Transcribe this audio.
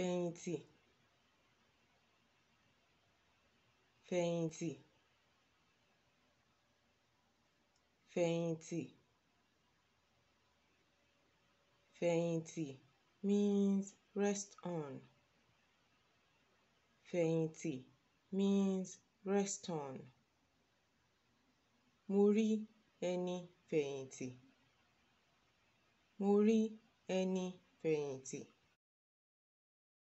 fẹ̀yìntì, fẹ̀yìntì, fẹ̀yìntì. Fẹ̀yìntì means rest on. Fẹ̀yìntì means rest on. Mo rí ẹni fẹ̀yìntì. Mo rí ẹni fẹ̀yìntì.